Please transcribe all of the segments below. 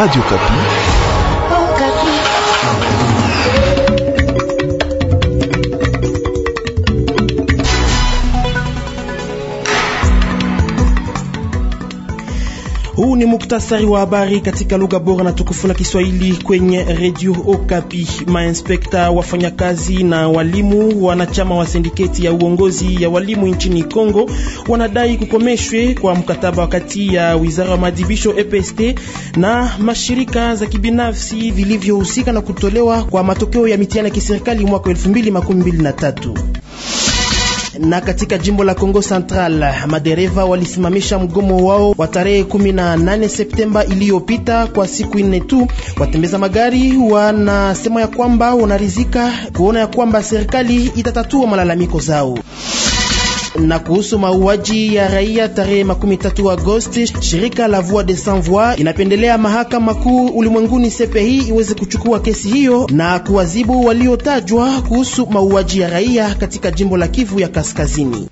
Radio Kapi. ni muktasari wa habari katika lugha bora na tukufu la Kiswahili kwenye redio Okapi. Mainspekta, wafanyakazi na walimu wanachama wa sindiketi ya uongozi ya walimu nchini Kongo wanadai kukomeshwe kwa mkataba kati ya wizara ya maadhibisho EPST na mashirika za kibinafsi vilivyohusika na kutolewa kwa matokeo ya mitihani ya kiserikali mwaka 2023. Na katika jimbo la Kongo Central, madereva walisimamisha mgomo wao wa tarehe 18 Septemba iliyopita kwa siku nne tu. Watembeza magari wanasema ya kwamba wanarizika kuona ya kwamba serikali itatatua malalamiko zao. Na kuhusu mauaji ya raia tarehe 13 Agosti, shirika la Voix des Sans Voix inapendelea mahakama kuu ulimwenguni CPI iweze kuchukua kesi hiyo na kuwazibu waliotajwa kuhusu mauaji ya raia katika jimbo la Kivu ya Kaskazini.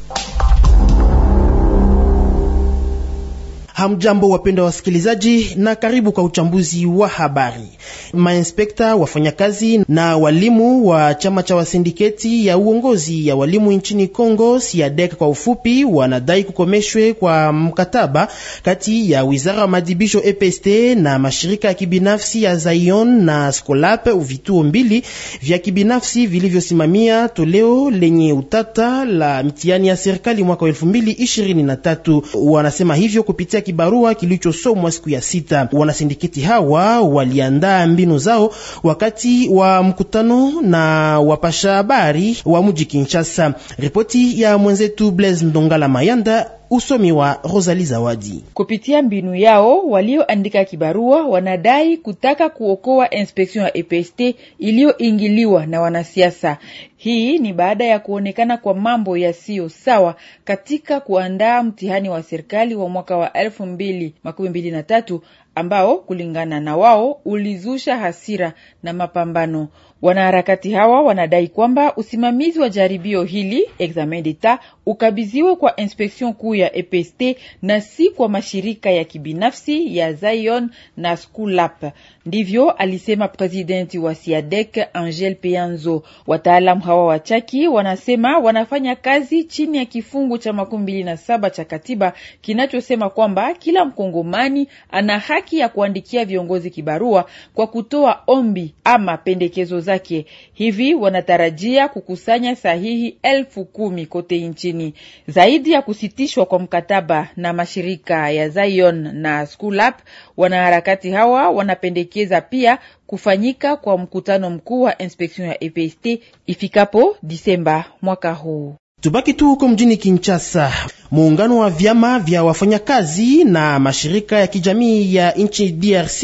Hamjambo wapenda wasikilizaji, na karibu kwa uchambuzi wa habari. Mainspekta, wafanyakazi na walimu wa chama cha wasindiketi ya uongozi ya walimu nchini congo SIADEK kwa ufupi, wanadai kukomeshwe kwa mkataba kati ya wizara ya madibisho EPST na mashirika ya kibinafsi ya Zion na Scolap, vituo mbili vya kibinafsi vilivyosimamia toleo lenye utata la mtihani ya serikali mwaka 2023. Wanasema hivyo kupitia kibarua kilichosomwa siku ya sita. Wanasindiketi hawa waliandaa mbinu zao wakati wa mkutano na wapasha habari wa mji Kinshasa. Ripoti ya mwenzetu Blaise Ndongala Mayanda usomi wa Rosali Zawadi. Kupitia mbinu yao walioandika kibarua, wanadai kutaka kuokoa inspeksion ya EPST iliyoingiliwa na wanasiasa. Hii ni baada ya kuonekana kwa mambo yasiyo sawa katika kuandaa mtihani wa serikali wa mwaka wa elfu mbili makumi mbili na tatu ambao kulingana na wao ulizusha hasira na mapambano. Wanaharakati hawa wanadai kwamba usimamizi wa jaribio hili examen d'etat ukabiziwe kwa inspeksion kuu ya EPST na si kwa mashirika ya kibinafsi ya Zion na Skulap. Ndivyo alisema presidenti wa siadec Angel Peanzo. Wataalamu hawa wachaki wanasema wanafanya kazi chini ya kifungu cha makumi mbili na saba cha katiba kinachosema kwamba kila mkongomani ana haki ya kuandikia viongozi kibarua kwa kutoa ombi ama pendekezo zake. Hivi wanatarajia kukusanya sahihi elfu kumi kote nchini, zaidi ya kusitishwa kwa mkataba na mashirika ya Zion na School Up. Wanaharakati hawa wanapendekeza pia kufanyika kwa mkutano mkuu wa inspektion ya EPST ifikapo Disemba mwaka huu. Tubaki tu huko mjini Kinshasa. Muungano wa vyama vya wafanyakazi na mashirika ya kijamii ya nchi DRC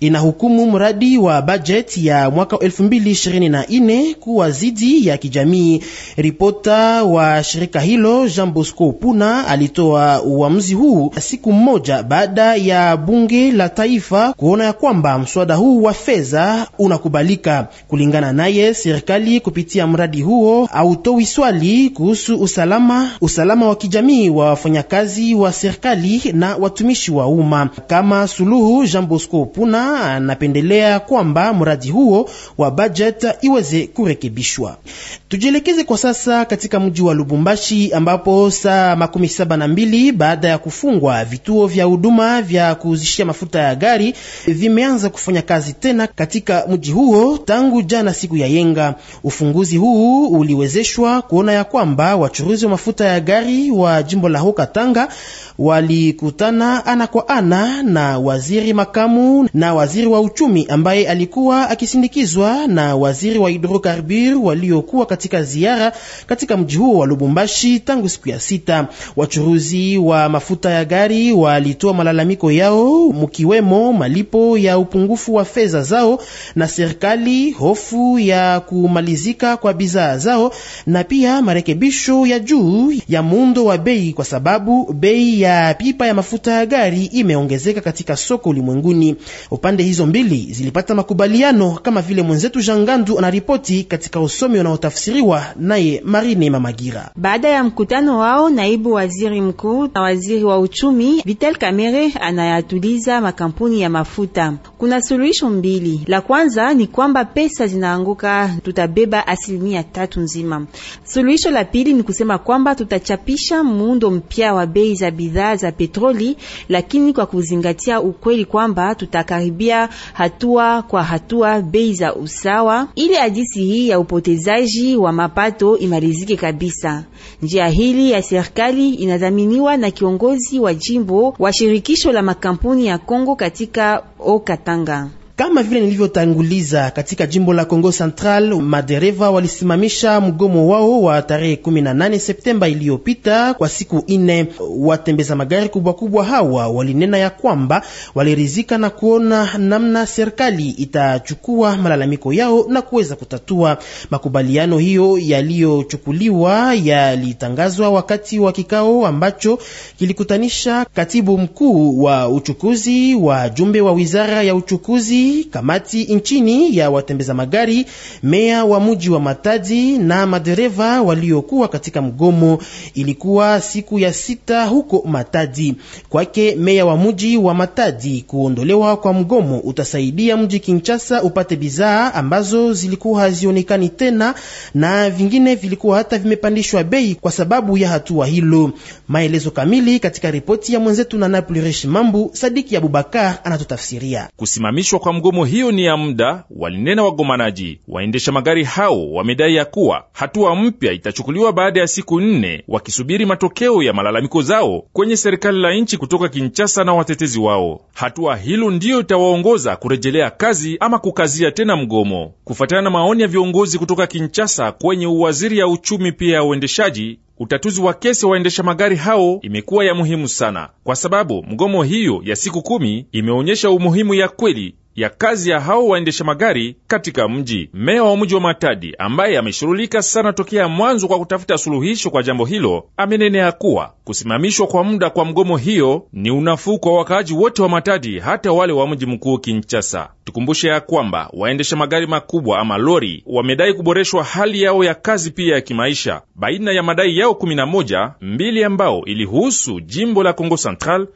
inahukumu mradi wa bajeti ya mwaka 2024 kuwa zidi ya kijamii. Ripota wa shirika hilo Jean Bosco Puna alitoa uamuzi huu siku mmoja baada ya bunge la taifa kuona ya kwamba mswada huu wa fedha unakubalika. Kulingana naye, serikali kupitia mradi huo autoi swali kuhusu usalama usalama wa kijamii jamii wa wafanyakazi wa serikali na watumishi wa umma. Kama Suluhu Jean Bosco Puna anapendelea kwamba mradi huo wa bajet iweze kurekebishwa. Tujielekeze kwa sasa katika mji wa Lubumbashi ambapo saa makumi saba na mbili baada ya kufungwa vituo vya huduma vya kuuzishia mafuta ya gari vimeanza kufanya kazi tena katika mji huo tangu jana siku ya yenga. Ufunguzi huu uliwezeshwa kuona ya kwamba wachuruzi wa mafuta ya gari wa jimbo la Huka Tanga walikutana ana kwa ana na waziri makamu na waziri wa uchumi ambaye alikuwa akisindikizwa na waziri wa hidrokarbur waliokuwa katika ziara katika mji huo wa Lubumbashi tangu siku ya sita. Wachuruzi wa mafuta ya gari walitoa malalamiko yao, mukiwemo malipo ya upungufu wa fedha zao na serikali, hofu ya kumalizika kwa bidhaa zao, na pia marekebisho ya juu ya muundo wa bei kwa sababu bei ya ya pipa ya mafuta ya gari imeongezeka katika soko ulimwenguni. Upande hizo mbili zilipata makubaliano kama vile mwenzetu Jangandu anaripoti katika usomi unaotafsiriwa naye Marine Mamagira. Baada ya mkutano wao, naibu waziri mkuu na waziri wa uchumi Vitel Kamere anayatuliza makampuni ya mafuta. Kuna suluhisho mbili, la kwanza ni kwamba pesa zinaanguka, tutabeba asilimia tatu nzima. Suluhisho la pili ni kusema kwamba tutachapisha muundo mpya wa bei za bidhaa bidhaa za petroli, lakini kwa kuzingatia ukweli kwamba tutakaribia hatua kwa hatua bei za usawa, ili ajisi hii ya upotezaji wa mapato imalizike kabisa. Njia hili ya serikali inadhaminiwa na kiongozi wa jimbo wa shirikisho la makampuni ya Kongo katika Okatanga. Kama vile nilivyotanguliza, katika jimbo la Kongo Central madereva walisimamisha mgomo wao wa tarehe 18 Septemba iliyopita kwa siku ine. Watembeza magari kubwa kubwa hawa walinena ya kwamba walirizika na kuona namna serikali itachukua malalamiko yao na kuweza kutatua. Makubaliano hiyo yaliyochukuliwa yalitangazwa wakati wa kikao ambacho kilikutanisha katibu mkuu wa uchukuzi, wajumbe wa wizara ya uchukuzi kamati nchini ya watembeza magari, meya wa muji wa Matadi na madereva waliokuwa katika mgomo. Ilikuwa siku ya sita huko Matadi. Kwake meya wa muji wa Matadi, kuondolewa kwa mgomo utasaidia mji Kinshasa upate bidhaa ambazo zilikuwa hazionekani tena na vingine vilikuwa hata vimepandishwa bei kwa sababu ya hatua hilo. Maelezo kamili katika ripoti ya mwenzetu na Napoli Rishi Mambu. Sadiki Abubakar anatutafsiria kusimamishwa kwa ngumu hiyo ni ya muda, walinena wagomanaji. Waendesha magari hao wamedai ya kuwa hatua mpya itachukuliwa baada ya siku nne, wakisubiri matokeo ya malalamiko zao kwenye serikali la nchi kutoka Kinchasa na watetezi wao. Hatua hilo ndiyo itawaongoza kurejelea kazi ama kukazia tena mgomo, kufuatana na maoni ya viongozi kutoka Kinchasa kwenye uwaziri ya uchumi pia ya uendeshaji. Utatuzi wa kesi waendesha magari hao imekuwa ya muhimu sana, kwa sababu mgomo hiyo ya siku kumi imeonyesha umuhimu ya kweli ya kazi ya hao waendesha magari katika mji. Meya wa mji wa Matadi, ambaye ameshughulika sana tokea mwanzo kwa kutafuta suluhisho kwa jambo hilo, amenenea kuwa kusimamishwa kwa muda kwa mgomo hiyo ni unafuu kwa wakaaji wote wa Matadi, hata wale wa mji mkuu Kinshasa. Tukumbushe ya kwamba waendesha magari makubwa ama lori wamedai kuboreshwa hali yao ya kazi pia ya kimaisha. Baina ya madai yao 11 mbili ambao ilihusu jimbo la Kongo Central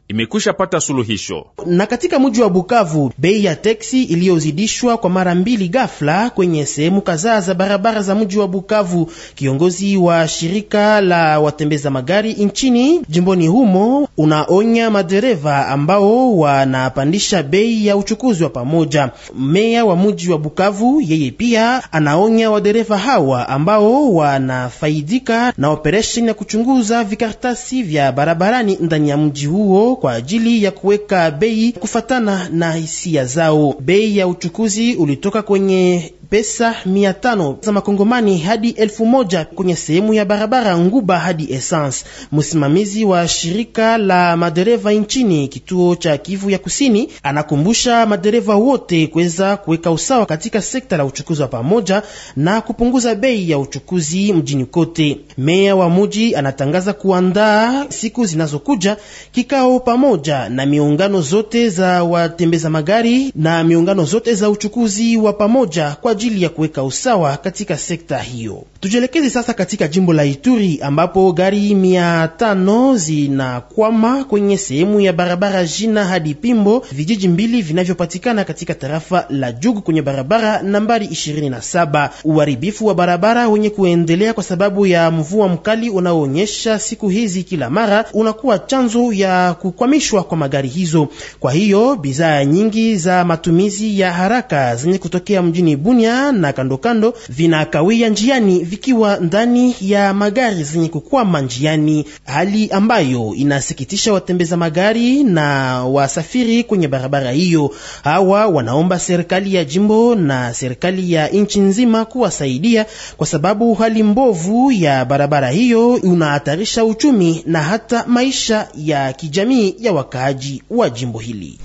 pata suluhisho, na katika mji wa Bukavu bei ya teksi iliyozidishwa kwa mara mbili ghafla kwenye sehemu kadhaa za barabara za mji wa Bukavu. Kiongozi wa shirika la watembeza magari nchini jimboni humo unaonya madereva ambao wanapandisha bei ya uchukuzi wa pamoja. Meya wa mji wa Bukavu yeye pia anaonya wadereva hawa ambao wanafaidika na operesheni ya kuchunguza vikaratasi vya barabarani ndani ya mji huo kwa ajili ya kuweka bei kufatana na hisia zao zao. Bei ya uchukuzi ulitoka kwenye pesa mia tano za makongomani hadi elfu moja kwenye sehemu ya barabara Nguba hadi Essence. Msimamizi wa shirika la madereva nchini kituo cha Kivu ya Kusini anakumbusha madereva wote kuweza kuweka usawa katika sekta la uchukuzi wa pamoja na kupunguza bei ya uchukuzi mjini kote. Meya wa muji anatangaza kuandaa siku zinazokuja kikao pamoja na miungano zote za watembeza magari na miungano zote za uchukuzi wa pamoja kwa ajili ya kuweka usawa katika sekta hiyo. Tujielekeze sasa katika jimbo la Ituri ambapo gari mia tano zinakwama kwenye sehemu ya barabara Jina hadi Pimbo, vijiji mbili vinavyopatikana katika tarafa la Jugu kwenye barabara nambari 27. Uharibifu wa barabara wenye kuendelea kwa sababu ya mvua mkali unaoonyesha siku hizi kila mara unakuwa chanzo ya kukwamishwa kwa magari hizo. Kwa hiyo bidhaa nyingi za matumizi ya haraka zenye kutokea mjini Bunia Bunya na kandokando vinakawia njiani vikiwa ndani ya magari zenye kukwama njiani, hali ambayo inasikitisha watembeza magari na wasafiri kwenye barabara hiyo. Hawa wanaomba serikali ya jimbo na serikali ya nchi nzima kuwasaidia kwa sababu hali mbovu ya barabara hiyo unahatarisha uchumi na hata maisha ya kijamii ya wakaaji wa jimbo hili.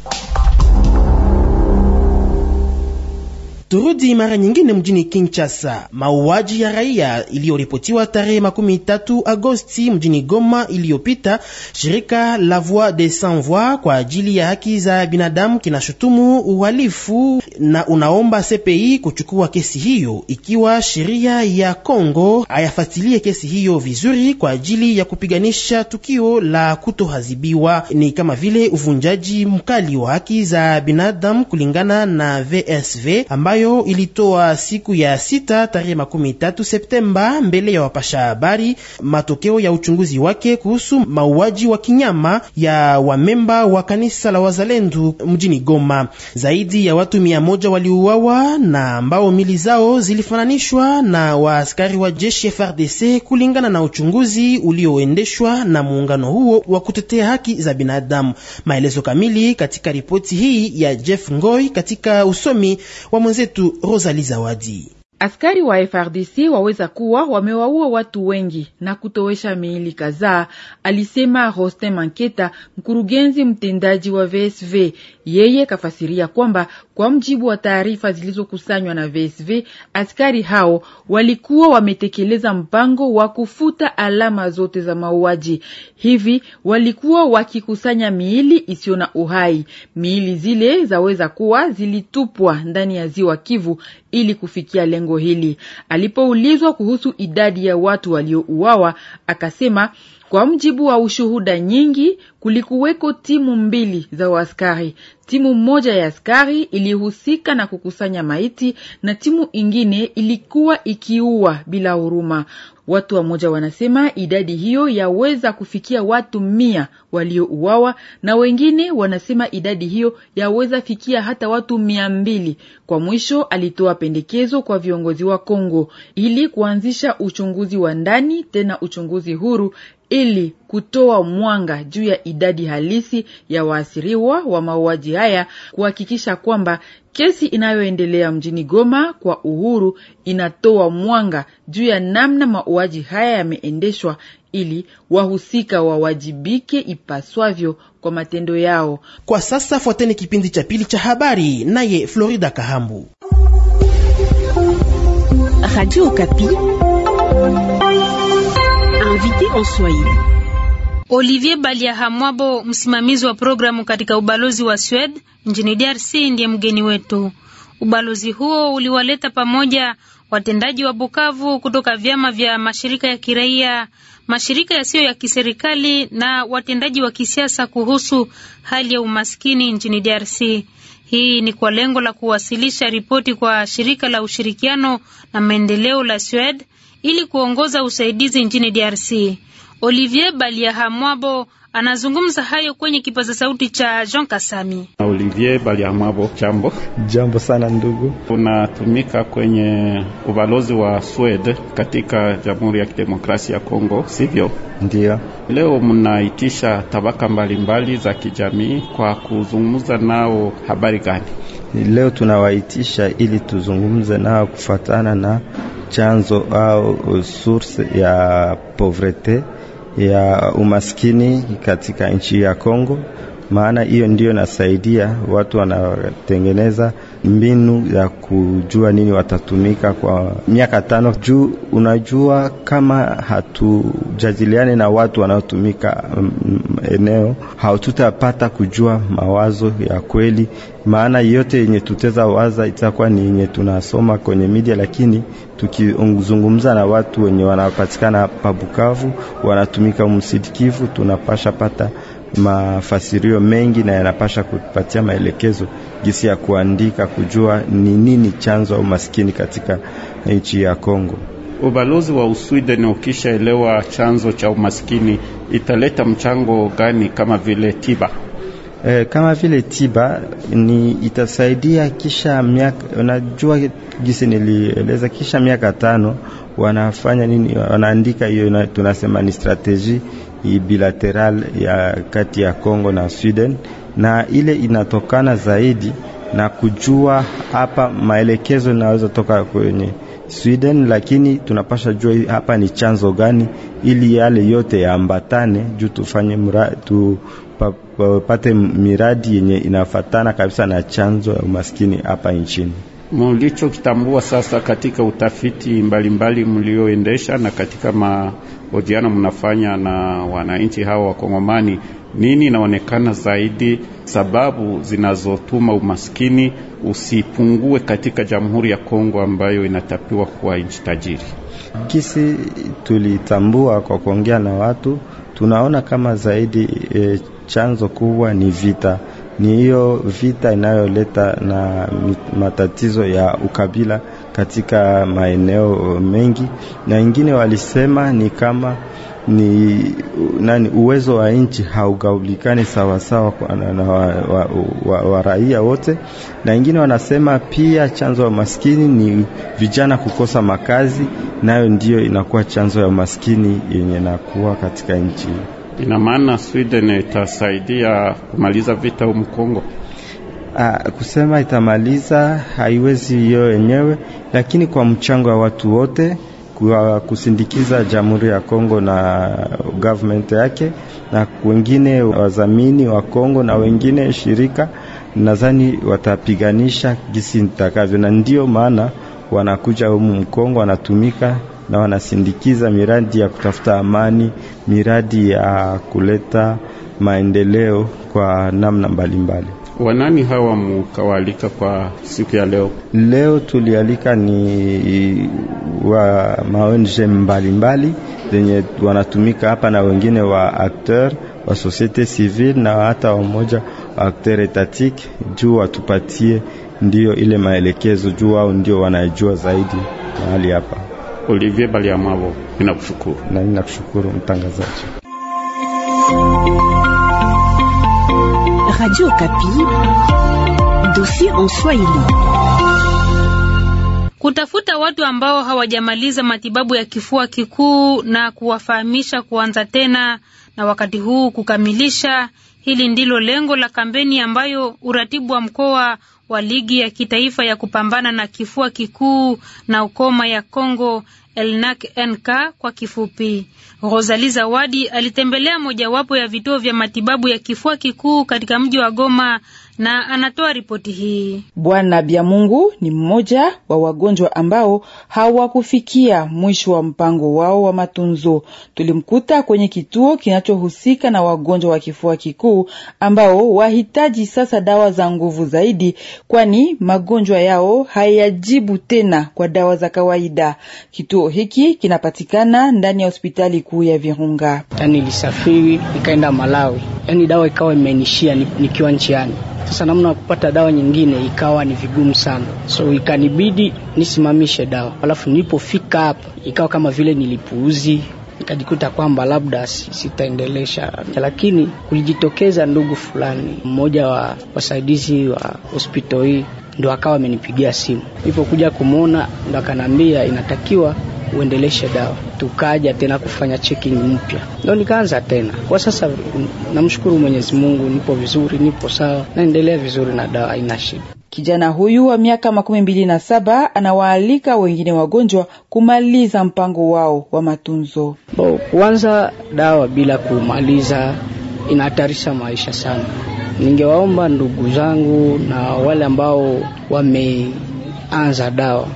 Turudi mara nyingine mjini Kinshasa. Mauaji ya raia iliyoripotiwa tarehe makumi tatu Agosti mjini Goma iliyopita, shirika la Voix des Sans Voix kwa ajili ya haki za binadamu kinashutumu uhalifu na unaomba CPI kuchukua kesi hiyo, ikiwa sheria ya Kongo hayafuatilie kesi hiyo vizuri kwa ajili ya kupiganisha tukio la kutohazibiwa, ni kama vile uvunjaji mkali wa haki za binadamu kulingana na VSV ambayo ambayo ilitoa siku ya sita tarehe makumi tatu Septemba mbele ya wapasha habari matokeo ya uchunguzi wake kuhusu mauaji wa kinyama ya wamemba wa kanisa la Wazalendo mjini Goma. Zaidi ya watu mia moja waliuawa na ambao mili zao zilifananishwa na waaskari wa jeshi FRDC kulingana na uchunguzi ulioendeshwa na muungano huo wa kutetea haki za binadamu. Maelezo kamili katika ripoti hii ya Jeff Ngoi katika usomi wa mwenzetu yetu Rosalie Zawadi. Askari wa FRDC waweza kuwa wamewaua watu wengi na kutowesha miili kadhaa, alisema rostin Manketa, mkurugenzi mtendaji wa VSV. Yeye kafasiria kwamba kwa mjibu wa taarifa zilizokusanywa na VSV, askari hao walikuwa wametekeleza mpango wa kufuta alama zote za mauaji. Hivi walikuwa wakikusanya miili isiyo na uhai. Miili zile zaweza kuwa zilitupwa ndani ya ziwa Kivu ili kufikia lengo hili. Alipoulizwa kuhusu idadi ya watu waliouawa, akasema kwa mjibu wa ushuhuda nyingi, kulikuweko timu mbili za waskari Timu moja ya askari ilihusika na kukusanya maiti na timu ingine ilikuwa ikiua bila huruma. Watu wa moja wanasema idadi hiyo yaweza kufikia watu mia waliouawa, na wengine wanasema idadi hiyo yaweza fikia hata watu mia mbili. Kwa mwisho, alitoa pendekezo kwa viongozi wa Kongo ili kuanzisha uchunguzi wa ndani, tena uchunguzi huru ili kutoa mwanga juu ya idadi halisi ya waathiriwa wa mauaji haya, kuhakikisha kwamba kesi inayoendelea mjini Goma kwa uhuru inatoa mwanga juu ya namna mauaji haya yameendeshwa, ili wahusika wawajibike ipaswavyo kwa matendo yao. Kwa sasa, fuateni kipindi cha pili cha habari, naye Florida Kahambu, Radio Invité en Olivier Baliahamwabo, msimamizi wa programu katika ubalozi wa swed nchini DRC, ndiye mgeni wetu. Ubalozi huo uliwaleta pamoja watendaji wa Bukavu kutoka vyama vya mashirika ya kiraia, mashirika yasiyo ya kiserikali na watendaji wa kisiasa kuhusu hali ya umaskini nchini DRC. Hii ni kwa lengo la kuwasilisha ripoti kwa shirika la ushirikiano na maendeleo la swed ili kuongoza usaidizi nchini DRC. Olivier Baliahamwabo Anazungumza hayo kwenye kipaza sauti cha Jean Kasami. Olivier Baliamabo, jambo. Jambo sana ndugu. Unatumika kwenye ubalozi wa Sweden katika Jamhuri ya Kidemokrasia ya Kongo, sivyo? ndiyo Leo mnaitisha tabaka mbalimbali mbali za kijamii kwa kuzungumza nao, habari gani? Leo tunawaitisha ili tuzungumze nao kufatana na chanzo au source ya povrete ya umaskini katika nchi ya Kongo, maana hiyo ndio nasaidia watu wanatengeneza mbinu ya kujua nini watatumika kwa miaka tano, juu unajua kama hatujadiliane na watu wanaotumika mm, eneo hatutapata kujua mawazo ya kweli, maana yote yenye tuteza waza itakuwa ni yenye tunasoma kwenye media, lakini tukizungumza na watu wenye wanapatikana pa Bukavu wanatumika msidikivu tunapasha pata mafasirio mengi na yanapasha kupatia maelekezo jinsi ya kuandika, kujua ni nini chanzo au maskini katika nchi ya Kongo. Ubalozi wa Uswideni ukishaelewa chanzo cha umaskini italeta mchango gani? Kama vile tiba e, kama vile tiba ni itasaidia. Kisha miaka, unajua jinsi nilieleza, kisha miaka tano wanafanya nini? Wanaandika hiyo, tunasema ni strateji bilateral ya kati ya Kongo na Sweden, na ile inatokana zaidi na kujua hapa maelekezo inaweza toka kwenye Sweden, lakini tunapasha jua hapa ni chanzo gani, ili yale yote yaambatane juu tufanye mradi tu pate miradi yenye inafatana kabisa na chanzo ya umaskini hapa nchini. Mulichokitambua sasa katika utafiti mbalimbali mlioendesha na katika mahojiano mnafanya na wananchi hawa Wakongomani, nini inaonekana zaidi sababu zinazotuma umaskini usipungue katika Jamhuri ya Kongo ambayo inatapiwa kuwa nchi tajiri? Kisi tulitambua kwa kuongea na watu, tunaona kama zaidi e, chanzo kubwa ni vita ni hiyo vita inayoleta na matatizo ya ukabila katika maeneo mengi, na wengine walisema ni kama ni nani, uwezo wa nchi haugaulikani sawasawa na wa raia wote, na wengine wanasema pia chanzo ya umaskini ni vijana kukosa makazi, nayo ndiyo inakuwa chanzo ya umaskini yenye nakuwa katika nchi. Ina maana Sweden itasaidia kumaliza vita humu Kongo? Ah, kusema itamaliza haiwezi hiyo yenyewe, lakini kwa mchango wa watu wote kwa kusindikiza Jamhuri ya Kongo na government yake na wengine wazamini wa Kongo na wengine shirika, nadhani watapiganisha gisi nitakavyo, na ndio maana wanakuja humu Mkongo wanatumika na wanasindikiza miradi ya kutafuta amani, miradi ya kuleta maendeleo kwa namna mbalimbali mbali. Wanani hawa mukawaalika kwa siku ya leo? Leo tulialika ni wa maonje mbalimbali zenye wanatumika hapa na wengine wa akteur wa societe civile na hata wamoja wa akteur etatike, juu watupatie ndio ile maelekezo, juu wao ndio wanajua zaidi mahali hapa. Olivier Baliamabo, ninakushukuru. Na mimi nakushukuru mtangazaji. Radio Okapi, dossier en Swahili. Kutafuta watu ambao hawajamaliza matibabu ya kifua kikuu na kuwafahamisha kuanza tena na wakati huu kukamilisha, hili ndilo lengo la kampeni ambayo uratibu wa mkoa wa ligi ya kitaifa ya kupambana na kifua kikuu na ukoma ya Kongo Elnak NK kwa kifupi. Rosali Zawadi alitembelea mojawapo ya vituo vya matibabu ya kifua kikuu katika mji wa Goma na anatoa ripoti hii. Bwana Byamungu ni mmoja wa wagonjwa ambao hawakufikia mwisho wa mpango wao wa matunzo. Tulimkuta kwenye kituo kinachohusika na wagonjwa wa kifua kikuu ambao wahitaji sasa dawa za nguvu zaidi, kwani magonjwa yao hayajibu tena kwa dawa za kawaida. Kituo hiki kinapatikana ndani ya hospitali kuu ya Virunga. Yaani nilisafiri nikaenda Malawi, yani dawa ikawa imenishia nikiwa nchiani sasa namna ya kupata dawa nyingine ikawa ni vigumu sana, so ikanibidi nisimamishe dawa. Alafu nilipofika hapa ikawa kama vile nilipuuzi, nikajikuta kwamba labda sitaendelesha, lakini kulijitokeza ndugu fulani mmoja wa wasaidizi wa hospitali hii ndo akawa amenipigia simu. Nilipokuja kumwona ndo akanambia inatakiwa uendeleshe dawa. Tukaja tena kufanya checking mpya, ndio nikaanza tena. Kwa sasa namshukuru Mwenyezi Mungu, nipo vizuri, nipo sawa, naendelea vizuri na dawa, haina shida. Kijana huyu wa miaka makumi mbili na saba anawaalika wengine wagonjwa kumaliza mpango wao wa matunzo. kwanza dawa bila kumaliza inahatarisha maisha sana. Ningewaomba ndugu zangu na wale ambao wameanza dawa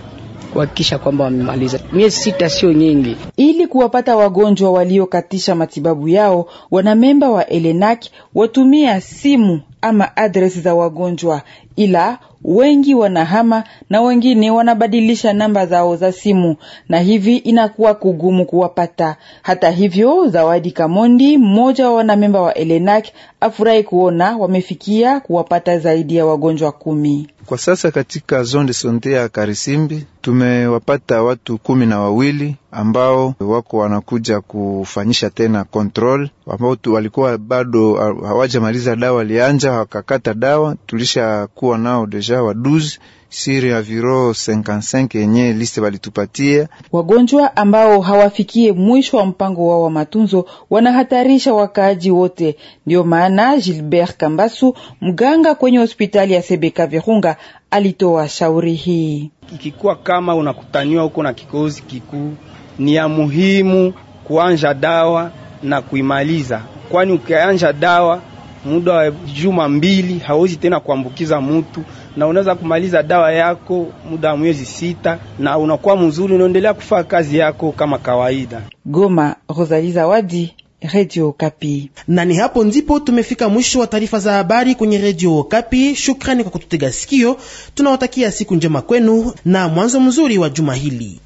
kuhakikisha kwamba wamemaliza. Miezi sita sio nyingi. Ili kuwapata wagonjwa waliokatisha matibabu yao, wanamemba wa Elenak watumia simu ama adresi za wagonjwa, ila wengi wanahama na wengine wanabadilisha namba zao za simu na hivi inakuwa kugumu kuwapata. Hata hivyo, Zawadi Kamondi, mmoja wa wanamemba wa Elenak, afurahi kuona wamefikia kuwapata zaidi ya wagonjwa kumi. Kwa sasa katika zone de sonte ya Karisimbi tumewapata watu kumi na wawili ambao wako wanakuja kufanyisha tena control, ambao walikuwa bado ah, hawajamaliza dawa, walianja wakakata dawa, tulishakuwa nao deja wa sur ya viro 55 yenye liste balitupatia. Wagonjwa ambao hawafikie mwisho wa mpango wao wa matunzo wanahatarisha wakaaji wote. Ndio maana Gilbert Kambasu, mganga kwenye hospitali ya Sebeka Virunga, alitoa shauri hii. Ikikuwa kama unakutaniwa huko na kikozi kikuu, ni ya muhimu kuanja dawa na kuimaliza, kwani ukianja dawa muda wa juma mbili, hawezi tena kuambukiza mutu, na unaweza kumaliza dawa yako muda wa mwezi sita, na unakuwa mzuri, unaendelea kufanya kazi yako kama kawaida. Goma, Rosalie Zawadi, Radio Kapi. Na ni hapo ndipo tumefika mwisho wa taarifa za habari kwenye Radio Kapi. Shukrani kwa kututega sikio, tunawatakia siku njema kwenu na mwanzo mzuri wa juma hili.